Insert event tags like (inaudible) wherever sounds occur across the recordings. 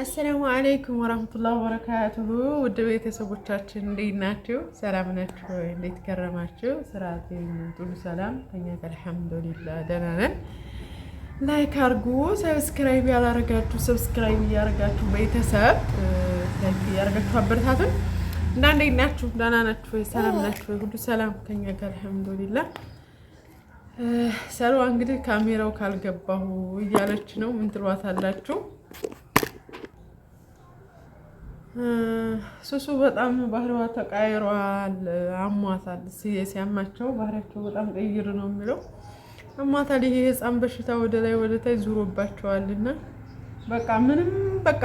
አሰላሙ አለይኩም ወረህመቱላሂ ወበረካቱሁ ውድ ቤተሰቦቻችን እንዴት ናችሁ? ሰላም ናችሁ? እንዴት ከረማችሁ? ስራ ሁሉ ሰላም ከእኛ አልሐምዱሊላህ ደህና ነን። ላይክ አድርጉ፣ ሰብስክራይብ ያላረጋችሁ ሰብስክራይብ እያረጋችሁ ቤተሰብ ላይክ እያረጋችሁ አበረታቱን እና እንዴት ናችሁ? ደህና ናችሁ? ሰላም ናችሁ? ሁሉ ሰላም ከእኛ ጋር አልሐምዱሊላህ ሰልዋ እንግዲህ ካሜራው ካልገባሁ እያለች ነው። ምን ትሏታላችሁ? ሱሱ በጣም ባህሪዋ ተቃይሯል። አሟታል። ሲያማቸው ባህሪያቸው በጣም ቀይር ነው የሚለው አሟታል። ይሄ ህፃን በሽታ ወደ ላይ ወደ ታይ ዙሮባቸዋል እና በቃ ምንም በቃ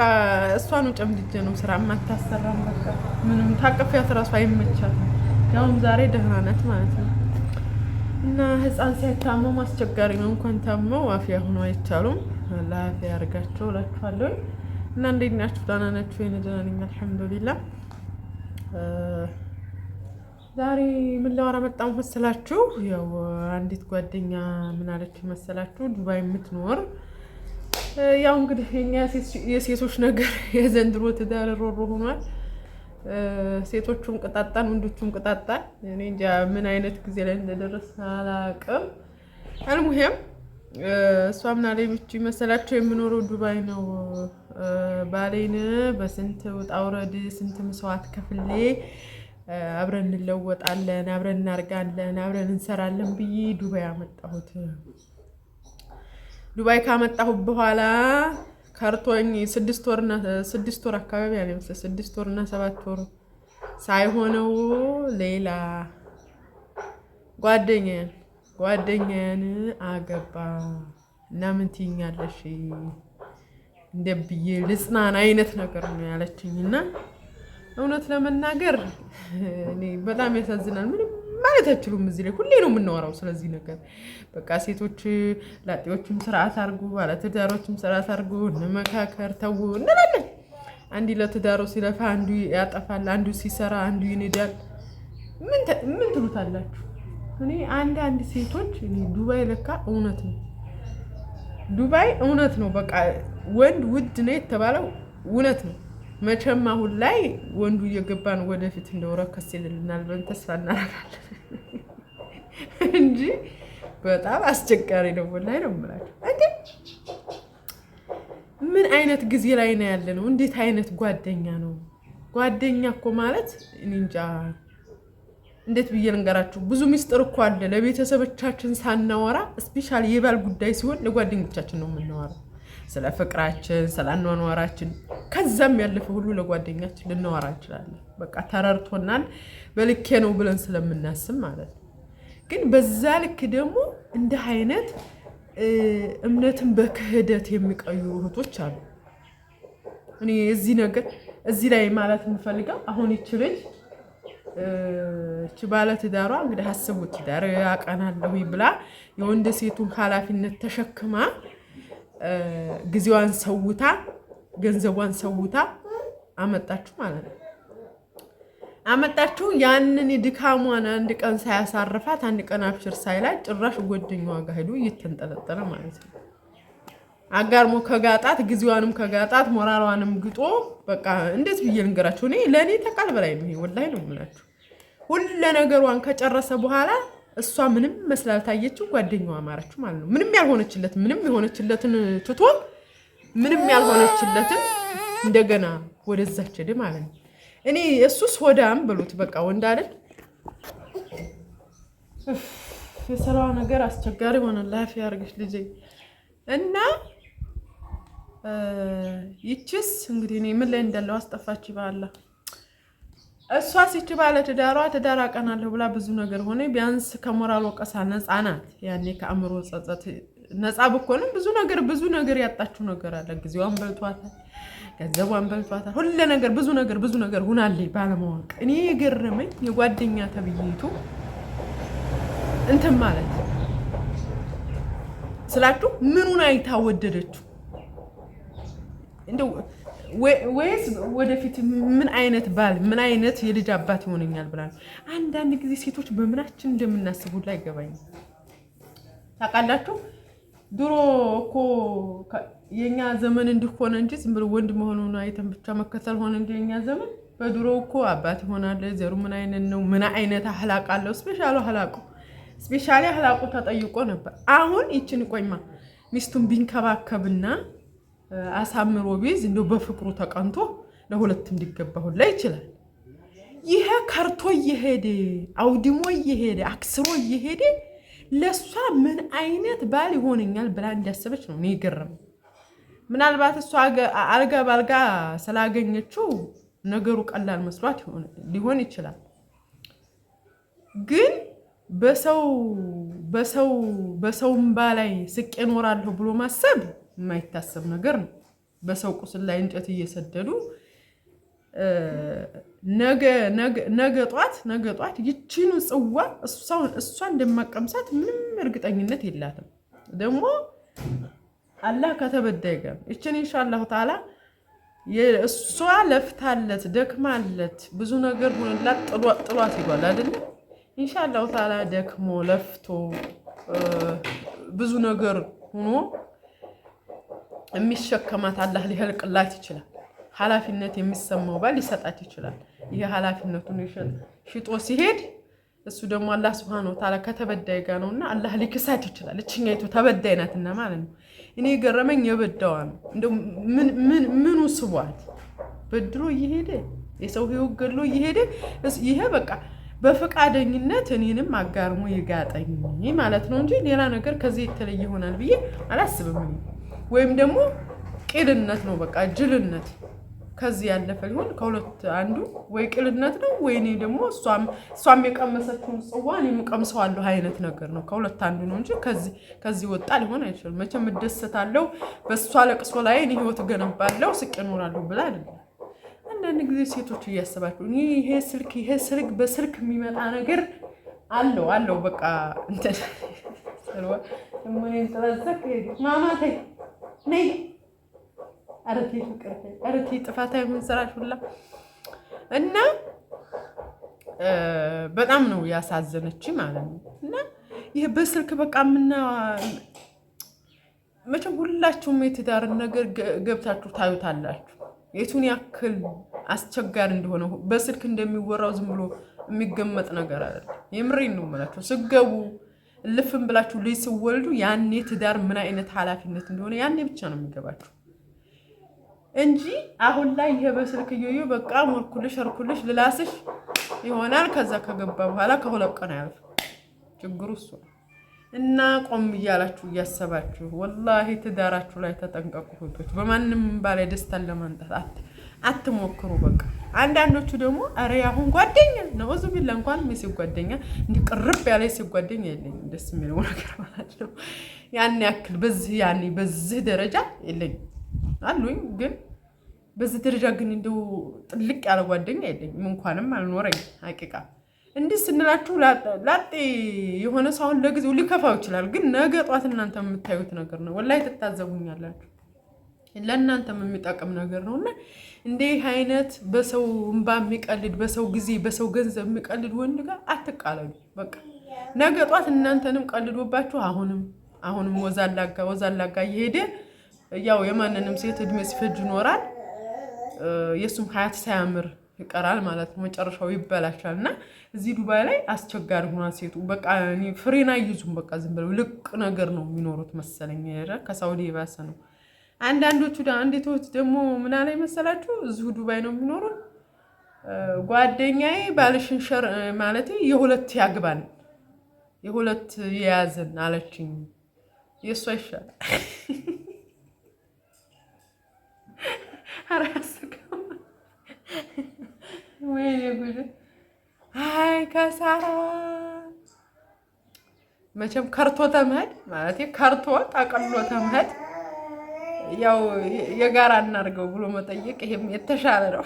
እሷ ነው ጨምድጄ ነው ስራ የማታሰራም። በቃ ምንም ታቀፊያት ራሱ አይመቻትም። ያውም ዛሬ ደህና ናት ማለት ነው እና ህፃን ሲያታመሙ አስቸጋሪ ነው። እንኳን ታመው አፍያ ሆኖ አይቻሉም። ለአፍያ አድርጋቸው እላችኋለሁ። እና እንዴት ናችሁ? ደህና ናችሁ? የእኔ ደህና ነኝ አልሐምዱሊላህ። ዛሬ ምን ላወራ መጣሁ መሰላችሁ? ያው አንዲት ጓደኛ ምን አለች መሰላችሁ? ዱባይ የምትኖር ያው እንግዲህ የኛ የሴቶች ነገር (laughs) የዘንድሮ ትዳር ሮሮ ሆኗል። ሴቶቹም ቅጣጣን፣ ወንዶቹም ቅጣጣን። እኔ እንጃ ምን አይነት ጊዜ ላይ እንደደረስ አላውቅም። አልሙሄም እሷ ምናለ ምቹ መሰላቸው የምኖረው ዱባይ ነው ባሌን በስንት ውጣ ውረድ ስንት መስዋዕት ከፍሌ አብረን እንለወጣለን፣ አብረን እናርጋለን፣ አብረን እንሰራለን ብዬ ዱባይ አመጣሁት። ዱባይ ካመጣሁ በኋላ ከርቶኝ ስድስት ወርና ስድስት ወር አካባቢ ያለ ይመስል ስድስት ወርና ሰባት ወር ሳይሆነው ሌላ ጓደኛዬን ጓደኛዬን አገባ እና ምን ትይኛለሽ? እንደ ብዬ ልጽናን አይነት ነገር ነው ያለችኝ። እና እውነት ለመናገር እኔ በጣም ያሳዝናል። ምንም ማለት አይችሉም። እዚህ ላይ ሁሌ ነው የምናወራው ስለዚህ ነገር። በቃ ሴቶች ላጤዎችም ስርዓት አድርጉ፣ ባለትዳሮችም ስርዓት አድርጉ፣ እንመካከር፣ ተው እንላለን። አንድ ለትዳሮ ሲለፋ አንዱ ያጠፋል፣ አንዱ ሲሰራ አንዱ ይንዳል። ምን ትሉታላችሁ? እኔ አንዳንድ ሴቶች ዱባይ ለካ እውነት ነው ዱባይ እውነት ነው። በቃ ወንድ ውድ ነው የተባለው እውነት ነው። መቼም አሁን ላይ ወንዱ እየገባ ነው። ወደፊት እንደው ይልልናል ብለን ተስፋ እናደርጋለን (laughs) እንጂ በጣም አስቸጋሪ ነው። ወላሂ ነው የምላቸው። ምን አይነት ጊዜ ላይ ነው ያለ ነው? እንዴት አይነት ጓደኛ ነው? ጓደኛ እኮ ማለት እኔ እንጃ እንዴት ብዬ ልንገራችሁ? ብዙ ሚስጥር እኮ አለ ለቤተሰቦቻችን ሳናወራ፣ ስፔሻል የባል ጉዳይ ሲሆን ለጓደኞቻችን ነው የምናወራው። ስለ ፍቅራችን፣ ስለ አኗኗራችን ከዛም ያለፈ ሁሉ ለጓደኛችን ልናወራ እንችላለን። በቃ ተረርቶናል በልኬ ነው ብለን ስለምናስብ ማለት ነው። ግን በዛ ልክ ደግሞ እንዲህ አይነት እምነትን በክህደት የሚቀዩ እህቶች አሉ። እኔ እዚህ ነገር እዚህ ላይ ማለት የምፈልገው አሁን ይች ልጅ እቺ ባለ ትዳሯ እንግዲህ አስቡ ትዳር አቀናለሁ ብላ የወንድ ሴቱን ኃላፊነት ተሸክማ ጊዜዋን ሰውታ ገንዘቧን ሰውታ አመጣችሁ ማለት ነው። አመጣችሁ ያንን ድካሟን አንድ ቀን ሳያሳርፋት አንድ ቀን አብሽር ሳይላት ጭራሽ ጓደኛዋ ጋር ሄዱ እየተንጠለጠለ ማለት ነው። አጋርሞ ከጋጣት ጊዜዋንም ከጋጣት ሞራሏንም ግጦ በቃ እንዴት ብዬ ልንገራችሁ? እኔ ለእኔ ተቃል በላይ ነው። ወላሂ ነው የምላችሁ ሁለ ነገሯን ከጨረሰ በኋላ እሷ ምንም መስላ ታየችው፣ ጓደኛዋ አማረችው ማለት ነው። ምንም ያልሆነችለት ምንም የሆነችለትን ትቶ ምንም ያልሆነችለትን እንደገና ወደዛች ሄደ ማለት ነው። እኔ እሱስ ሆዳም ብሉት በቃ ወንድ አይደል? የስራዋ ነገር አስቸጋሪ ሆነ። ላፊ ያርግሽ ልጄ እና ይችስ እንግዲህ እኔ ምን ላይ እንዳለው አስጠፋች ይባላል እሷ ሲች ባለ ትዳሯ ትዳር አቀናለሁ ብላ ብዙ ነገር ሆነ። ቢያንስ ከሞራል ወቀሳ ነፃ ናት። ያኔ ከአእምሮ ጸጸት ነፃ ብኮንም ብዙ ነገር ብዙ ነገር ያጣችው ነገር አለ። ጊዜዋን በልቷታል፣ ገንዘቧን በልቷታል፣ ሁለ ነገር ብዙ ነገር ብዙ ነገር ሁናለች ባለማወቅ። እኔ የገረመኝ የጓደኛ ተብይቱ እንትን ማለት ስላችሁ ምኑን አይታ ወደደችው እንደው ወይስ ወደፊት ምን አይነት ባል ምን አይነት የልጅ አባት ይሆነኛል ብላ ነው። አንዳንድ ጊዜ ሴቶች በምናችን እንደምናስብ ሁላ አይገባኝም። ታውቃላችሁ ድሮ እኮ የእኛ ዘመን እንዲሆነ እንጂ ዝም ብሎ ወንድ መሆኑን አይተን ብቻ መከተል ሆነ እንጂ የእኛ ዘመን በድሮ እኮ አባት ይሆናል ዘሩ ምን አይነት ነው ምን አይነት አህላቅ አለው ስፔሻሉ አህላቁ ስፔሻሊ አህላቁ ተጠይቆ ነበር። አሁን ይችን ቆይማ ሚስቱን ቢንከባከብና አሳምሮ ቢይዝ እንደ በፍቅሩ ተቀንቶ ለሁለት እንዲገባሁን ላይ ይችላል። ይሄ ከርቶ እየሄደ አውድሞ እየሄደ አክስሮ እየሄደ ለእሷ ምን አይነት ባል ይሆነኛል ብላ እንዲያሰበች ነው እኔ ምናልባት እሷ አልጋ ባልጋ ስላገኘችው ነገሩ ቀላል መስሏት ሊሆን ይችላል። ግን በሰው በሰው በሰው እምባ ላይ ስቄ እኖራለሁ ብሎ ማሰብ የማይታሰብ ነገር ነው። በሰው ቁስል ላይ እንጨት እየሰደዱ ነገ ጧት ነገ ጧት ይችኑ ጽዋ እሷ እንደማቀምሳት ምንም እርግጠኝነት የላትም። ደግሞ አላህ ከተበዳይ ጋር ይችን ኢንሻአላሁ ተዓላ እሷ ለፍታለት ደክማለት ብዙ ነገር ሆንላት ጥሏት ይሏል አይደለ? ኢንሻላሁ ተዓላ ደክሞ ለፍቶ ብዙ ነገር ሆኖ የሚሸከማት አላህ ሊህልቅላት ይችላል። ኃላፊነት የሚሰማው ባል ሊሰጣት ይችላል። ይህ ኃላፊነቱን ሽጦ ሲሄድ እሱ ደግሞ አላህ ስብሃነ ወተዓላ ከተበዳይ ጋር ነው እና አላህ ሊክሳት ይችላል። እችኛይቱ ተበዳይ ናትና ማለት ነው። እኔ የገረመኝ የበዳዋ ነው። ምኑ ስቧት በድሮ እየሄደ የሰው ህይወት ገድሎ እየሄደ ይሄ በቃ በፈቃደኝነት እኔንም አጋርሞ ይጋጠኝ ማለት ነው እንጂ ሌላ ነገር ከዚህ የተለየ ይሆናል ብዬ አላስብም። ወይም ደግሞ ቅልነት ነው፣ በቃ ጅልነት። ከዚህ ያለፈ ሊሆን ከሁለት አንዱ ወይ ቅልነት ነው ወይኔ ደግሞ እሷም የቀመሰችውን ጽዋ እኔም እቀምሰዋለሁ አይነት ነገር ነው። ከሁለት አንዱ ነው እንጂ ከዚህ ከዚህ ወጣ ሊሆን አይችልም። መቼም እደሰታለሁ በእሷ ለቅሶ ላይ እኔ ህይወት እገነባለሁ ስቄ እኖራለሁ ብላ አይደለም። አንዳንድ ጊዜ ሴቶች እያሰባችሁ ይሄ ስልክ ይሄ ስልክ በስልክ የሚመጣ ነገር አለው አለው በቃ እንትን (laughs) ማማተኝ ነይ። ኧረ ፍቅር፣ ኧረ ጥፋታ የምንሰራሽ ሁላ እና በጣም ነው ያሳዘነች ማለት ነው። እና ይህ በስልክ በቃ ምና መቼም ሁላችሁም የትዳርን ነገር ገብታችሁ ታዩታላችሁ የቱን ያክል አስቸጋሪ እንደሆነ በስልክ እንደሚወራው ዝም ብሎ የሚገመጥ ነገር አለ። የምሬን ነው የምላቸው ስገቡ ልፍም ብላችሁ ልጅ ስወልዱ ያኔ ትዳር ምን አይነት ኃላፊነት እንደሆነ ያኔ ብቻ ነው የሚገባችሁ እንጂ አሁን ላይ ይሄ በስልክ እየዩ በቃ ሞርኩልሽ እርኩልሽ ልላስሽ ይሆናል። ከዛ ከገባ በኋላ ከሁለት ቀን አያልፍ። ችግሩ እሱ ነው። እና ቆም እያላችሁ እያሰባችሁ ወላሂ ትዳራችሁ ላይ ተጠንቀቁ። ህቶች በማንም ባላይ ደስታን ለማንጣት አትሞክሩ በቃ አንዳንዶቹ ደግሞ ኧረ አሁን ጓደኛ ነው እዙ ቢላ እንኳን ሴት ጓደኛ እንዲህ ቅርብ ያለ ሲ ጓደኛ የለኝ ደስ የሚለው ነገር ማለት ነው ያን ያክል በዚህ ያኔ በዚህ ደረጃ የለኝ አሉኝ፣ ግን በዚህ ደረጃ ግን እንዲሁ ጥልቅ ያለ ጓደኛ የለኝም። እንኳንም አልኖረኝ ሀቂቃ እንዲህ ስንላችሁ ላጤ የሆነ ሰው አሁን ለጊዜው ሊከፋው ይችላል፣ ግን ነገ ጧት እናንተ የምታዩት ነገር ነው። ወላሂ ትታዘቡኛላችሁ። ለእናንተም የሚጠቅም ነገር ነው እና እንዲህ አይነት በሰው እንባ የሚቀልድ በሰው ጊዜ በሰው ገንዘብ የሚቀልድ ወንድ ጋር አትቃለሉ። በቃ ነገ ጧት እናንተንም ቀልዶባችሁ አሁንም አሁንም ወዛላጋ ወዛላጋ እየሄደ ያው የማንንም ሴት እድሜ ሲፈጅ ይኖራል። የእሱም ሀያት ሳያምር ይቀራል ማለት ነው። መጨረሻው ይበላሻል እና እዚህ ዱባይ ላይ አስቸጋሪ ሆና ሴቱ በቃ ፍሬን አይዙም። በቃ ዝም ብለው ልቅ ነገር ነው የሚኖሩት መሰለኝ ከሳውዲ የባሰ ነው። አንዳንዶቹ አንዲቶች ደግሞ ምን አለ መሰላችሁ እዚሁ ዱባይ ነው የሚኖሩ ጓደኛዬ ባልሽን ማለት የሁለት ያግባን የሁለት የያዝን አለችኝ። የእሷ ይሻል አይ ከሳራ መቼም ከርቶ ተምህድ ማለት ከርቶ ጠቅሎ ተምህድ ያው የጋራ እናድርገው ብሎ መጠየቅ ይሄም የተሻለ ነው።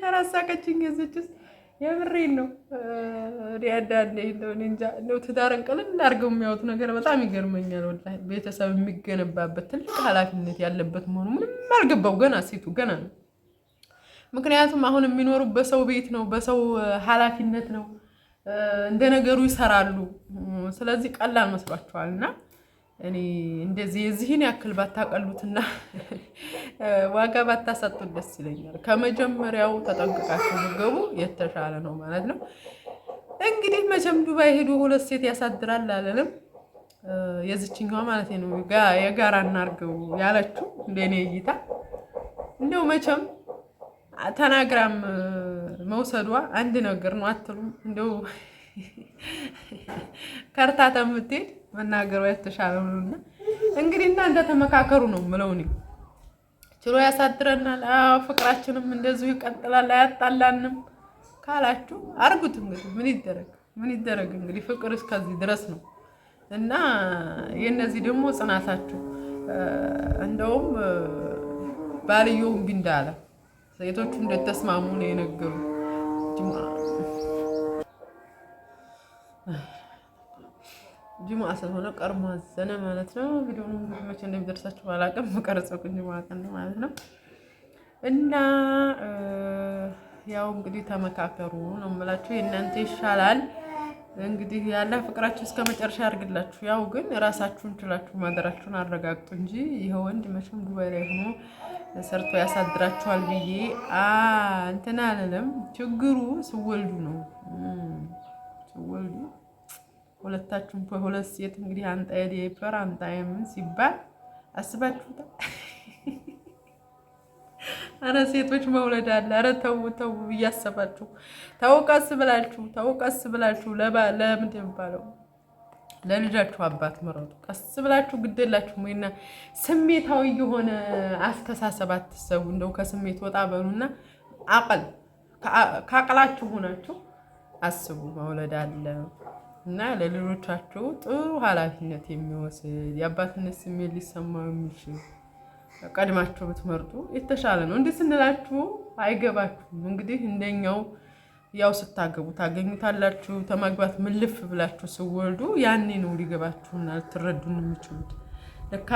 ከራሳቀችኝ ገዘችስ የምሬን ነው። ዲያዳንዴ እንደው እንጃ እንደው ትዳርን ቀለል አድርገው የሚያወጡ ነገር በጣም ይገርመኛል። ወላሂ ቤተሰብ የሚገነባበት ትልቅ ኃላፊነት ያለበት መሆኑ ምንም አልገባው ገና ሴቱ ገና ነው። ምክንያቱም አሁን የሚኖሩ በሰው ቤት ነው፣ በሰው ኃላፊነት ነው እንደ ነገሩ ይሰራሉ። ስለዚህ ቀላል መስሏቸዋል እና እኔ እንደዚህ የዚህን ያክል ባታቀሉትና ዋጋ ባታሰጡት ደስ ይለኛል። ከመጀመሪያው ተጠንቅቃችሁ ምገቡ የተሻለ ነው ማለት ነው። እንግዲህ መቼም ዱባይ ሄዶ ሁለት ሴት ያሳድራል አለንም። የዝችኛዋ ማለት ነው የጋራ እናርገው ያለችው እንደኔ እይታ እንደው መቼም ተናግራም መውሰዷ አንድ ነገር ነው አትሉም? እንደው ከርታታ የምትሄድ መናገሯ የተሻለ ነውና እንግዲህ እናንተ ተመካከሩ ነው ምለው እኔ። ችሎ ያሳድረናል። ፍቅራችንም እንደዚሁ ይቀጥላል፣ አያጣላንም ካላችሁ አርጉት። እንግዲህ ምን ይደረግ ምን ይደረግ እንግዲህ ፍቅር እስከዚህ ድረስ ነው እና የእነዚህ ደግሞ ጽናታችሁ እንደውም ባልየውም ቢንዳለ ሴቶቹ እንደተስማሙ ነው የነገሩ። ጅማ ስለሆነ ቀርሞ አዘነ ማለት ነው። ቪዲዮ መቼ እንደሚደርሳችሁ አላውቅም። ቀርጸው ጅማ ቀን ማለት ነው እና ያው እንግዲህ ተመካከሩ ነው የምላችሁ። የእናንተ ይሻላል። እንግዲህ ያለ ፍቅራችሁ እስከ መጨረሻ ያርግላችሁ። ያው ግን ራሳችሁን ችላችሁ ማደራችሁን አረጋግጡ እንጂ ይሄ ወንድ መቼም ጉባኤ ላይ ሆኖ ሰርቶ ያሳድራችኋል ብዬ እንትን አልልም። ችግሩ ስወልዱ ነው። ስወልዱ ሁለታችሁም ሁለት ሴት እንግዲህ አንጣ የዳይፐር አንጣ የምን ሲባል አስባችሁታል? (laughs) አረ ሴቶች መውለድ አለ። አረ ተው ተው ብያሰባችሁ። ተው ቀስ ብላችሁ ተው ቀስ ብላችሁ ለባ ለምንድን ባለው ለልጃችሁ አባት ምረጡ። ቀስ ብላችሁ ግደላችሁ ወይና ስሜታዊ የሆነ አስተሳሰብ አትሰቡ። እንደው ከስሜት ወጣ በሉና አቅል ካቅላችሁ ሆናችሁ አስቡ። መውለድ አለ እና ለልጆቻችሁ ጥሩ ኃላፊነት የሚወስድ የአባትነት ስሜት ሊሰማው የሚችል ቀድማችሁ ብትመርጡ የተሻለ ነው። እንዲህ ስንላችሁ አይገባችሁም። እንግዲህ እንደኛው ያው ስታገቡ ታገኙታላችሁ። ተማግባት ምልፍ ብላችሁ ስወልዱ ያኔ ነው ሊገባችሁና ልትረዱን የምችሉት። ለካ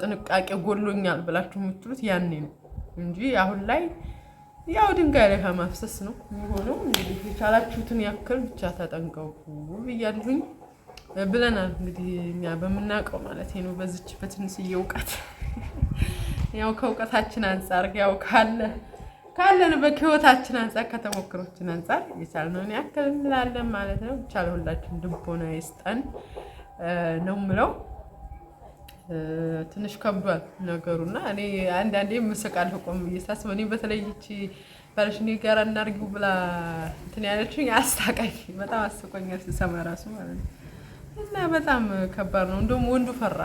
ጥንቃቄ ጎሎኛል ብላችሁ የምትሉት ያኔ ነው እንጂ አሁን ላይ ያው ድንጋይ ላይ ከማፍሰስ ነው የሚሆነው። እንግዲህ የቻላችሁትን ያክል ብቻ ተጠንቀቁ ብያለሁኝ ብለናል። እንግዲህ እኛ በምናውቀው ማለት ነው በዚች በትንሽዬ እውቀት ያው ከእውቀታችን አንጻር ያው ካለ ካለንበት ህይወታችን አንጻር ከተሞክሮችን አንጻር የቻልነውን ያክል እንላለን ማለት ነው። ይቻለ ሁላችን ልቦና ይስጠን ነው ምለው። ትንሽ ከብዷል ነገሩና እኔ አንዳንዴ የምስቃለሁ ቆም እየሳስበው እኔ በተለይ ይቺ ባለሽ እኔ ጋር እናድርጊው ብላ እንትን ያለችኝ አስታቃኝ በጣም አስቆኛ ስሰማ ራሱ ማለት ነው። እና በጣም ከባድ ነው። እንደውም ወንዱ ፈራ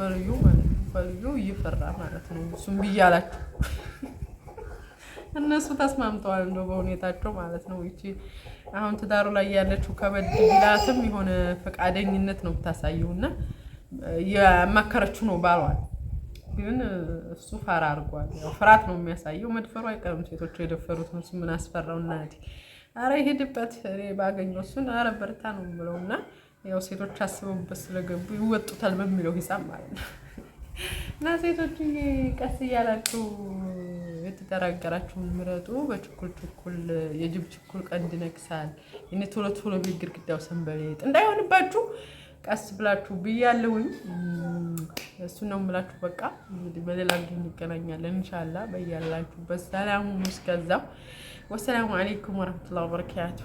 በልዩ ማለት ነው። በልዩ እየፈራ ማለት ነው። እሱም ብያላችሁ እነሱ ተስማምተዋል እንደ በሁኔታቸው ማለት ነው። ይቺ አሁን ትዳሩ ላይ ያለችው ከበድ ቢላትም የሆነ ፈቃደኝነት ነው የምታሳየው እና የመከረችው ነው ባሏል። ግን እሱ ፈራ አርጓል። ያው ፍርሃት ነው የሚያሳየው። መድፈሩ አይቀርም። ሴቶቹ የደፈሩት ነው። ምን አስፈራው? እና አረ ይሄድበት እኔ ባገኘው እሱን አረ በርታ ነው የምለው እና ያው ሴቶች አስበውበት ስለገቡ ይወጡታል በሚለው ሂሳብ ማለት ነው እና ሴቶች ቀስ እያላችሁ የተጠራቀራችሁን ምረጡ። በችኩል ችኩል የጅብ ችኩል ቀንድ ይነክሳል። እኔ ቶሎ ቶሎ ቤት ግድግዳው ሰንበሌጥ እንዳይሆንባችሁ ቀስ ብላችሁ ብያለሁኝ። እሱ ነው የምላችሁ። በቃ እንግዲህ በሌላ ጊዜ እንገናኛለን እንሻላ። በያላችሁ በሰላሙ እስከዛው ወሰላሙ አሌይኩም ወረህመቱላሂ ወበረካቱ።